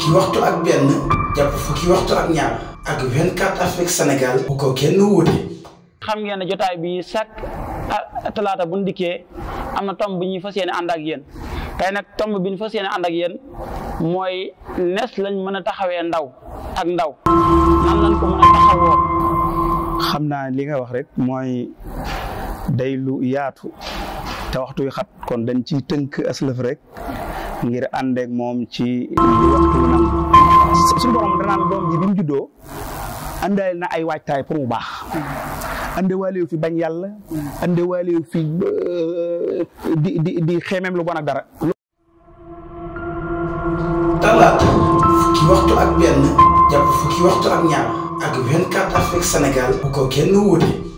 fukki waxtu ak benn jàpp fukki waxtu ak ñaar ak 24 Afrique Sénégal bu ko kenn wuute. xam ngeen ne jotaay bi chaque ah, talaata bu ndikkee am na tomb bu ñuy fas yéene ànd ak yéen tey nag tomb bi ñu fas yéene ànd yéen mooy nees lañ mën a taxawee ndaw ak ndaw xam naa li nga wax rek mooy day lu yaatu te waxtu yu xat kon dañ ci tënk aslëf rek. ngir ande ak mom ci waxtu nam nangu suñu borom danaan dom ji bimu juddo andal na ay waajtaay pour mu baax walew fi bañ ande walew fi euh, di di di xemem lu bon ak dara talat fukki waxtu ak benn jàpp fukki waxtu ak ñaar ak 24 Afrique senegal bu ko kenn wóote